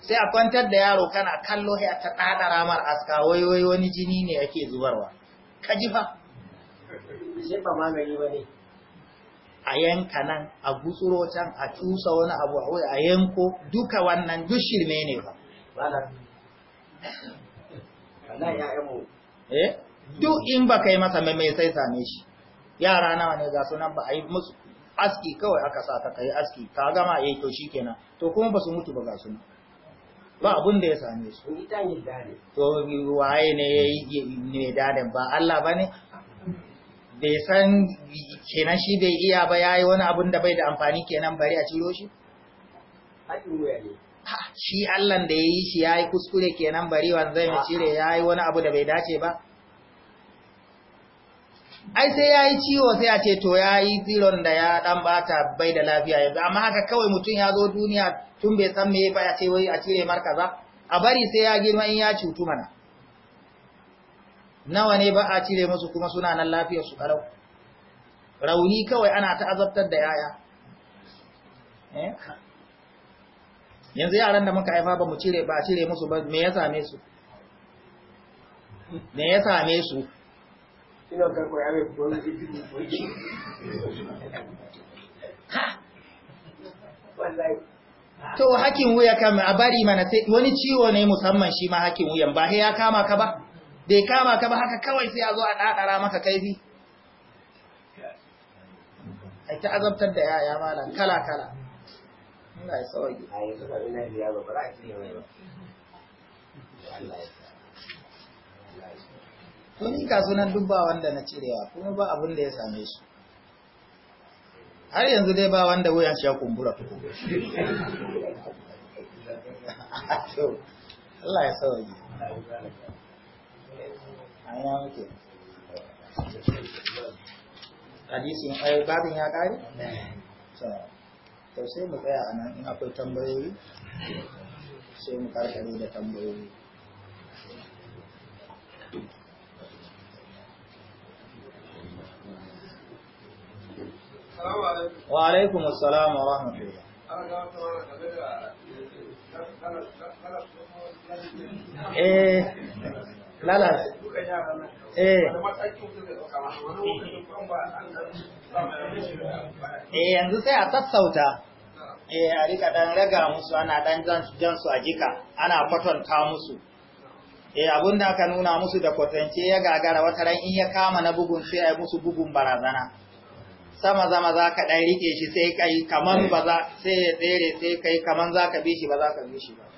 Speaker 1: sai a kwantar da yaro kana kallo sai ta tsada ramar aska wai wai wani jini ne yake zubarwa ka ji fa sai ba magani ba ne a yanka nan a gutsuro can a tusa wani abu a a yanko duka wannan duk shirme ne ba eh? duk in ba kai masa mai sai same shi yara nawa ne ga sunan ba a yi musu aski kawai aka sa ka kai aski ka gama yi eh, to kenan, to kuma ba su mutu ba ga nan. ba abun da ya same su to waye ne ya yi ne dadan ba Allah ba ne? bai san kenan shi bai iya ba ya yi wani abun da bai da amfani kenan bari a ciro shi? Shi Allahn da ya yi shi ya yi kuskure kenan bari wanzai mai cire ya yi wani abu da bai dace ba? Ai sai ya yi ciwo sai a ce to ya yi tsiron da ya dan bata bai da lafiya yanzu, amma haka kawai mutum ya zo duniya tun bai san me ya ce wai a cire markaza, a bari sai ya girma in ya cutu mana. nawa ne ba a cire musu kuma suna nan lafiyar su karau rauni kawai ana ta azabtar da yaya eh? yanzu yaran da muka haifa ba mu cire ba cire musu ba me ya same su me ya same su to hakin wuya kama a bari mana sai wani ciwo ne musamman shi ma hakin wuyan ba ya kama ka ba bai kama ka ba haka kawai sai a zo a ɗaɗara maka kaifi a ta azabtar da yaya malam kala kala Allah ya sauki a yanzu ina ba ba Allah ya ni ka sunan dubba wanda na cirewa kuma ba abin da ya same su har yanzu dai ba wanda wuyan shi ya kumbura tuku [laughs] Allah ya sauki ina muke hadisin eh, babin ya to sai mu tsaya a nan in akwai tambayoyi sai mu karkare da tambayoyi wa alaikum wa eh lalace eh eh yanzu sai a sassauta eh a rika dan raga musu ana dan jan su a jika ana kwatanta musu eh abunda ka aka nuna musu da kwatance ya gagara wata ran in ya kama na bugun sai ai musu bugun barazana sama zama za ka dan rike shi sai kai kaman ba za sai ya tsere sai kai kaman za ka bi shi ba za ka bi shi ba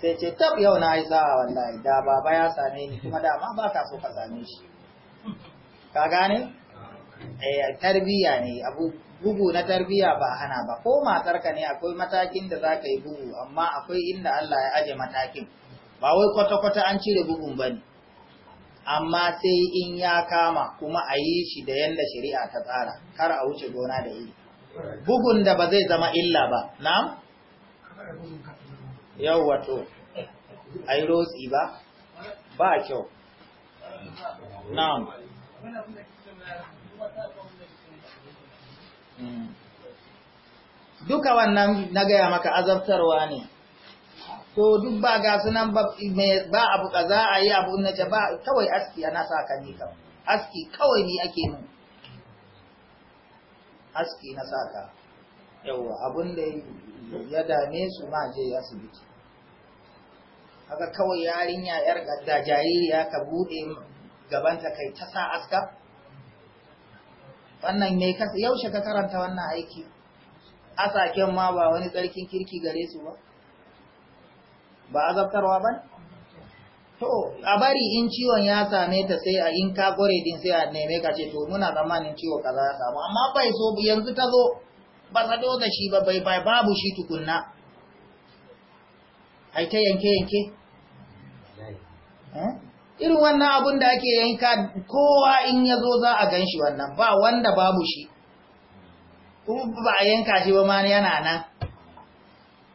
Speaker 1: sai ce tab yau na yi sa'a wallahi da baba ya same ni kuma dama ba ka so ka same shi ka gane eh, tarbiya ne abu bugu na tarbiya ba hana ba ko matarka ne akwai matakin da za ka yi bugu amma akwai inda Allah ya aje matakin ba wai kwata-kwata an cire bugun ba ne amma sai in ya kama kuma a yi shi da yadda shari'a ta tsara kar a wuce gona da iri bugun da ba zai zama illa ba na'am yau wato a yi rotsi ba ba kyau na'am hmm. duka wannan na gaya maka azabtarwa ne to duk ba ga sunan ba abu za a yi abu na ba kawai aski ana sa ka ne kawai aski kawai ne ake mun aski na saka yawa abin da ya dame su ma je asibiti haka kawai yarinya yar gadda ya ka bude gabanta kai ta sa aska wannan mai kasa yaushe ka karanta wannan aiki asaken ma ba wani tsarkin kirki gare su ba ba azabtarwa ba to a bari in ciwon ya same ta sai a in ka gore din sai a neme ka ce to muna zamanin ciwo kaza ya samu amma bai so yanzu ta zo ba rado da shi ba bai babu shi tukunna ai ta yanke yanke eh? irin wannan abun da ake yanka kowa in ya zo za a gan shi wannan ba wanda babu shi kuma ba a yanka shi ba ma yana nan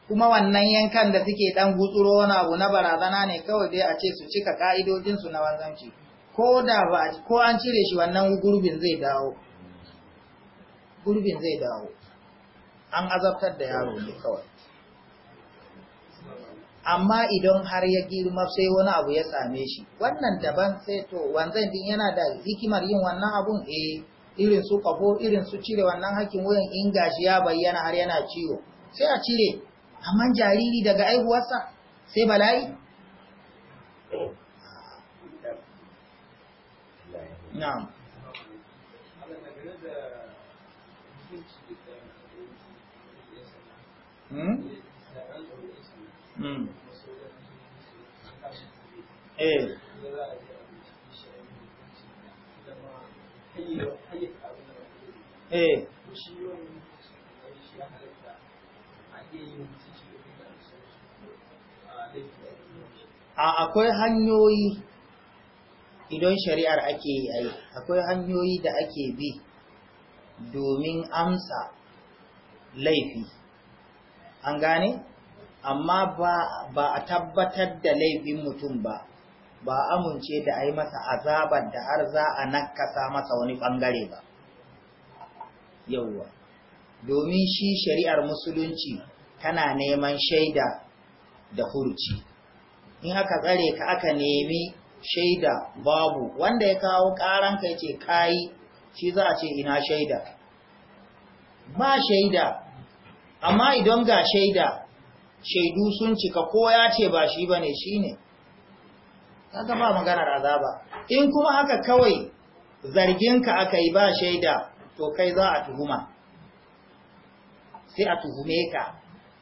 Speaker 1: kuma wannan yankan da suke dan gutsuro wani abu na barazana ne kawai dai a ce su cika ka'idojinsu na wanzanci ko da ba ko an cire shi wannan gurbin zai dawo gurbin zai dawo an azabtar da yaro ne kawai amma idan har ya girma sai wani abu ya same shi wannan daban sai to wanzan din yana da hikimar yin wannan abun eh irin su kafo irin su cire wannan hakin wuyan in gashi ya bayyana har yana ciwo sai a cire amma jariri daga aihuwarsa sai bala'i na'am Hmm? Hmm. Eh. eh a akwai hanyoyi idan shari'ar ake yi akwai hanyoyi da ake bi domin amsa laifi an gane amma ba a tabbatar da laifin mutum ba ba a amince da a yi masa azabar da har za a nakasa masa wani bangare ba yauwa domin shi shari'ar musulunci tana neman shaida da hurci in aka tsare ka aka nemi shaida babu wanda ya kawo karanka ya ce kayi shi za a ce ina shaida ba shaida amma idan ga shaida shaidu sun cika ko ya ce ba shi bane shine kaga ba maganar azaba in kuma haka kawai zarginka aka yi ba shaida to kai za a tuhuma sai a tuhume ka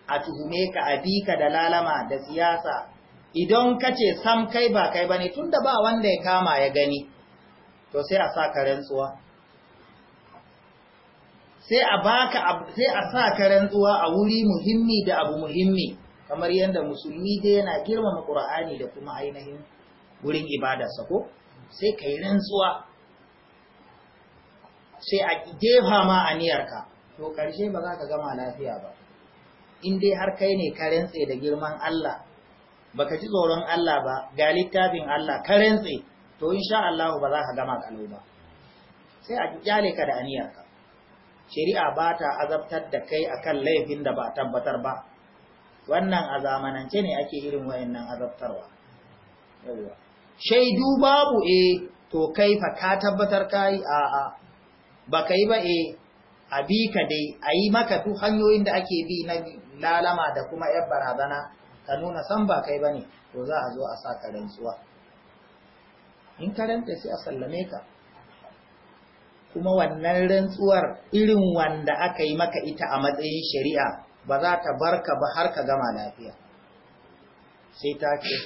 Speaker 1: a tuhume ka a bi da lalama da siyasa idan ka ce sam kai ba kai bane tunda ba wanda ya kama ya gani to sai a sa ka rantsuwa sai a baka sai a sa ka rantsuwa a wuri muhimmi da abu muhimmi kamar yadda musulmi dai yana girmama Qur'ani da kuma ainihin wurin sa ko sai kai rantsuwa sai a jefa ma aniyarka to karshe ba za ka gama lafiya ba in dai har kai ne ka rantse da girman Allah baka ji tsoron Allah ba ga littafin Allah ka rantse to insha Allah ba za ka gama kalau ba sai a kyale ka da aniyarka shari'a ba ta azabtar da kai akan laifin da ba tabbatar ba wannan a zamanance ne ake irin wayannan azabtarwa shaidu babu e to kai fa ka tabbatar kai a a ba kai ba e a bi ka dai a yi maka duk hanyoyin da ake bi na lalama da kuma yar barazana ka nuna san ba kai ba ne to za a zo a sa ka rantsuwa in ka ranta sai a sallame ka kuma wannan rantsuwar irin wanda aka yi maka ita a matsayin shari'a ba za ta bar ka ba har ka gama lafiya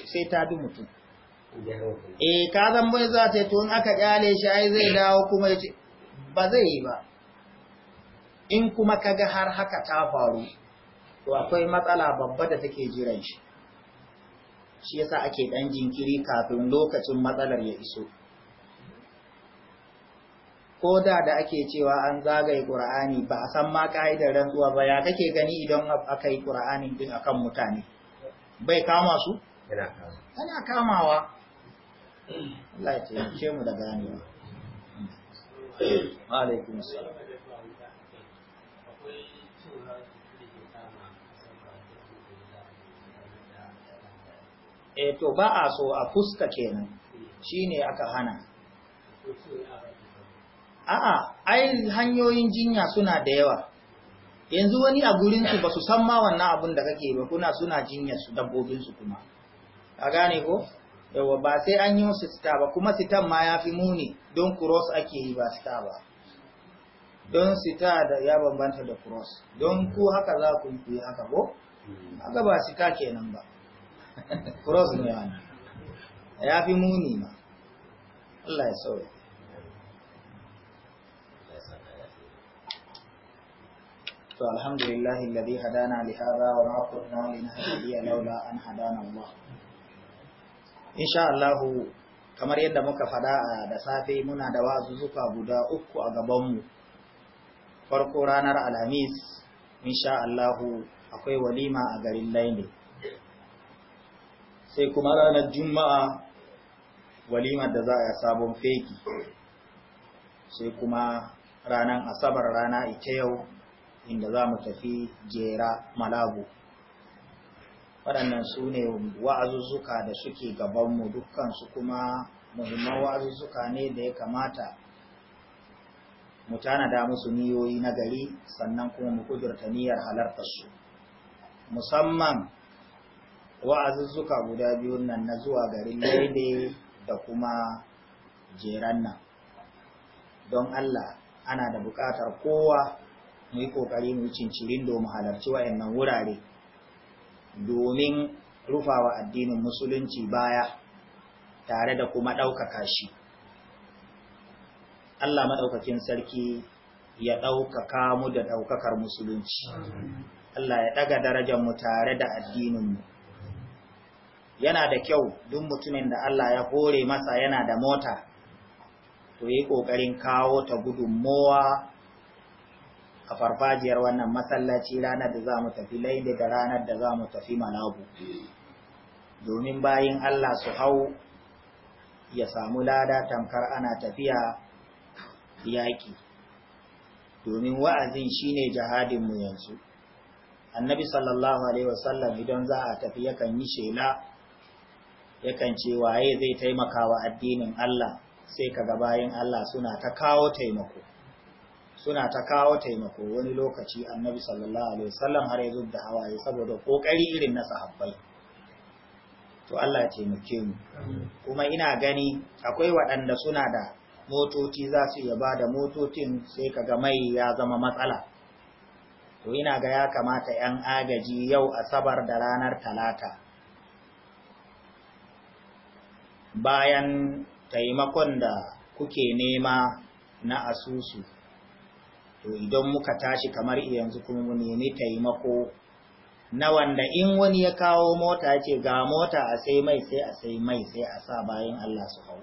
Speaker 1: sai ta bi mutum eh ka zan bai za ta yi tun aka kyale shi ai zai dawo kuma ya ce ba zai yi ba in kuma ka ga har haka ta faru to akwai matsala babba da take jiran shi shi yasa ake dan jinkiri kafin lokacin matsalar ya iso ko da da ake cewa an zagaye ƙur'ani ba a san ma ka'idar rantsuwa ba ya kake gani idan aka yi ƙur'ani din akan mutane bai kama su? Ana kamawa Allah ya ce mu da ganewa alaikun salam e to ba a so a fuska kenan shine aka hana a'a ai hanyoyin jinya suna da yawa yanzu wani a gurinsu ba su san ma wannan abun da kake ba kuna suna jinya su dabbobinsu kuma a gane ko yawa ba sai an yi musu sita ba kuma sitan ma ya fi muni don cross ake yi ba sita ba don sita da ya bambanta da cross don ku haka za ku yi haka ko haka ba sita kenan ba [laughs] cross ne wani ya fi muni ma Allah ya sauya فالحمد لله الذي هدانا لهذا وما كنا لنهتدي لولا ان هدانا الله ان شاء الله kamar yadda muka faɗa a da safe muna da wazuzzuka guda uku a gabanmu farko ranar alhamis insha Allahu akwai walima a garin laini sai kuma ranar juma'a walimar da za a sabon feki sai kuma ranar asabar rana ita yau inda za mu tafi jera malabu waɗannan su ne wa'azuzzuka da suke gabanmu dukkansu kuma muhimman wa'azuzzuka ne da ya kamata mu tanada musu niyoyi na gari sannan kuma mu kudurta niyyar halartarsu musamman wa'azuzzuka guda biyun nan na zuwa garin lele da kuma jeran nan don Allah ana da bukatar kowa mu yi ƙoƙari mu cincirin do mu halarci wayannan wurare domin rufawa addinin musulunci baya tare da kuma ɗaukaka shi Allah maɗaukakin sarki ya ɗaukaka mu da ɗaukakar musulunci Allah ya ɗaga darajar mu tare da addininmu yana da kyau duk mutumin da Allah ya hore masa yana da mota to yi ƙoƙarin kawo ta gudunmowa a farfajiyar wannan masallaci ranar da za mu tafi laida da ranar da za mu tafi malabu domin bayin Allah su hau ya samu lada tamkar ana tafiya yaƙi domin wa'azin shi ne jihadinmu yanzu annabi sallallahu alaihi wasallam idan za a tafi yakan yi shela yakan ce waye zai taimaka wa addinin Allah sai kaga bayin Allah suna ta kawo taimako suna ta kawo taimako wani lokaci annabi sallallahu alaihi wasallam har ya da hawaye saboda kokari irin na sahabbai to Allah ya taimake mu kuma ina gani akwai waɗanda suna da motoci za su iya ba da motocin sai kaga mai ya zama matsala to ina ga ya kamata 'yan agaji yau asabar da ranar talata bayan taimakon da kuke nema na asusu to idan muka tashi kamar yanzu kuma mu nemi taimako na wanda in wani ya kawo mota yace ce ga mota a sai mai sai a sai mai sai a sa bayan Allah su hau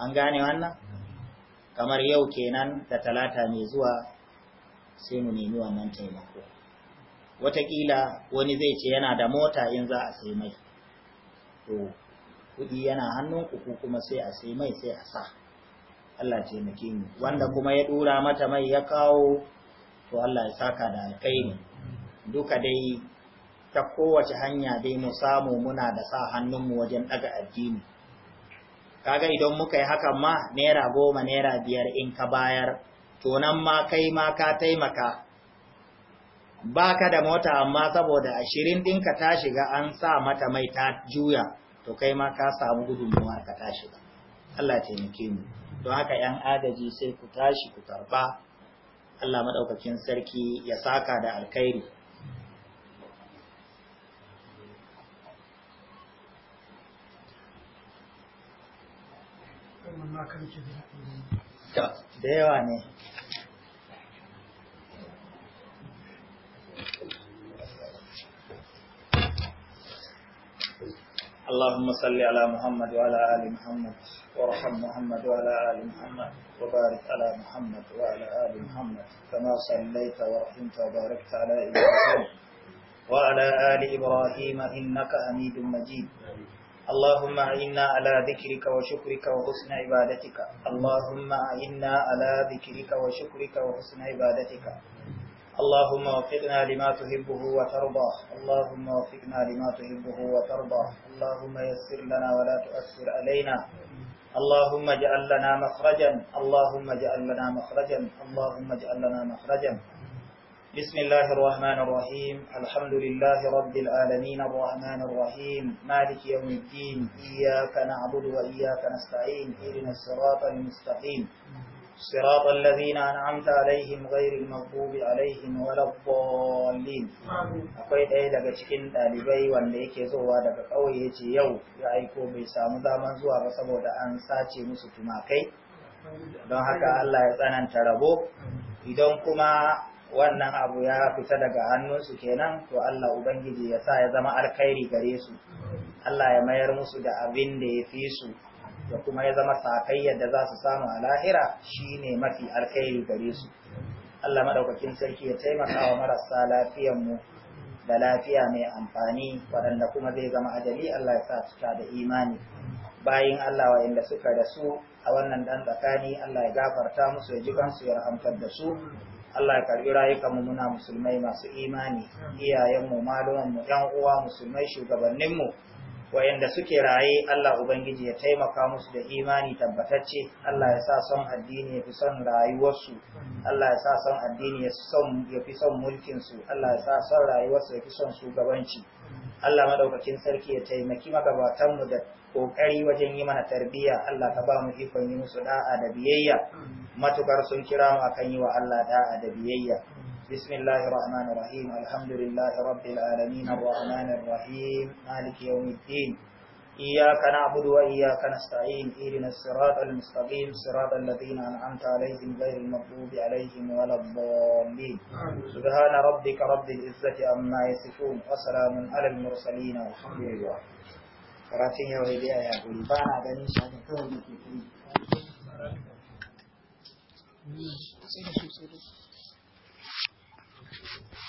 Speaker 1: an gane wannan kamar yau kenan da talata mai zuwa sai mu nemi wannan taimako watakila wani zai ce yana da mota in za a sai mai to kuɗi yana hannun ku kuma sai a sai mai sai a sa Allah taimake mu wanda kuma ya ɗura mata mai ya kawo to Allah ya saka da alkhairi duka dai ta kowace hanya dai mu samu muna da sa hannunmu wajen daga addini kaga idan muka yi hakan ma naira goma naira biyar in ka bayar to nan ma kai ma ka taimaka ba ka da mota amma saboda ashirin ɗinka ta shiga an sa mata mai ta juya to kai ma ka samu gudunmuwa ka ta shiga Allah taimake mu don haka ‘yan agaji sai ku tashi ku karɓa Allah maɗaukakin sarki ya saka da alkhairi. da yawa ne اللهم صل على محمد وعلى آل محمد وارحم محمد وعلى آل محمد وبارك على محمد وعلى آل محمد كما صليت ورحمت وباركت على إبراهيم وعلى آل إبراهيم إنك حميد مجيد اللهم أعنا على ذكرك وشكرك وحسن عبادتك اللهم أعنا على ذكرك وشكرك وحسن عبادتك اللهم وفقنا لما تحبه وترضى اللهم وفقنا لما تحبه وترضى اللهم يسر لنا ولا تؤثر علينا اللهم اجعل لنا مخرجا اللهم اجعل لنا مخرجا اللهم اجعل لنا مخرجا بسم الله الرحمن الرحيم الحمد لله رب العالمين الرحمن الرحيم مالك يوم الدين إياك نعبد وإياك نستعين اهدنا الصراط المستقيم صراط الذين أنعمت عليهم غير المغضوب عليهم ولا الضالين akwai ɗaya daga cikin ɗalibai wanda yake zowa daga ƙauye ce yau ya aiko bai samu zaman zuwa ba saboda an sace musu tumakai don haka Allah ya tsananta rabo idan kuma wannan abu ya fita daga hannunsu kenan to Allah Ubangiji ya sa ya zama alkhairi gare su Allah ya mayar musu da abin da ya fi su da kuma ya zama sakayyar da za su samu a lahira ne mafi alkhairi gare su Allah madaukakin sarki ya taimaka wa marasa mu da lafiya mai amfani waɗanda kuma zai zama ajali Allah ya sa cika da imani Bayan Allah wa inda suka da su, a wannan dan tsakani Allah ya gafarta musu ya ji kansu ya rahamtar da su Allah ya karbi rayukanmu muna musulmai masu imani iyayenmu malumanmu yan uwa musulmai shugabanninmu wayanda suke raye Allah Ubangiji ya taimaka musu da imani tabbatacce Allah ya sa son addini ya fi son rayuwarsu Allah ya sa son addini ya fi son mulkinsu Allah ya sa son rayuwarsu ya fi son shugabanci Allah madaukakin sarki ya taimaki magabatanmu da kokari wajen yi mana tarbiyya Allah ka ba mu ikon yi musu da'a da biyayya matukar sun kira mu akan yi wa Allah da'a da biyayya بسم الله الرحمن الرحيم الحمد لله رب العالمين الرحمن الرحيم مالك يوم الدين إياك نعبد وإياك نستعين إهدنا الصراط المستقيم صراط الذين أنعمت عليهم غير المغضوب عليهم ولا الضالين سبحان ربك رب العزة عما يصفون وسلام على المرسلين والحمد لله karatun يا da يا haƙuri ba بني ganin shi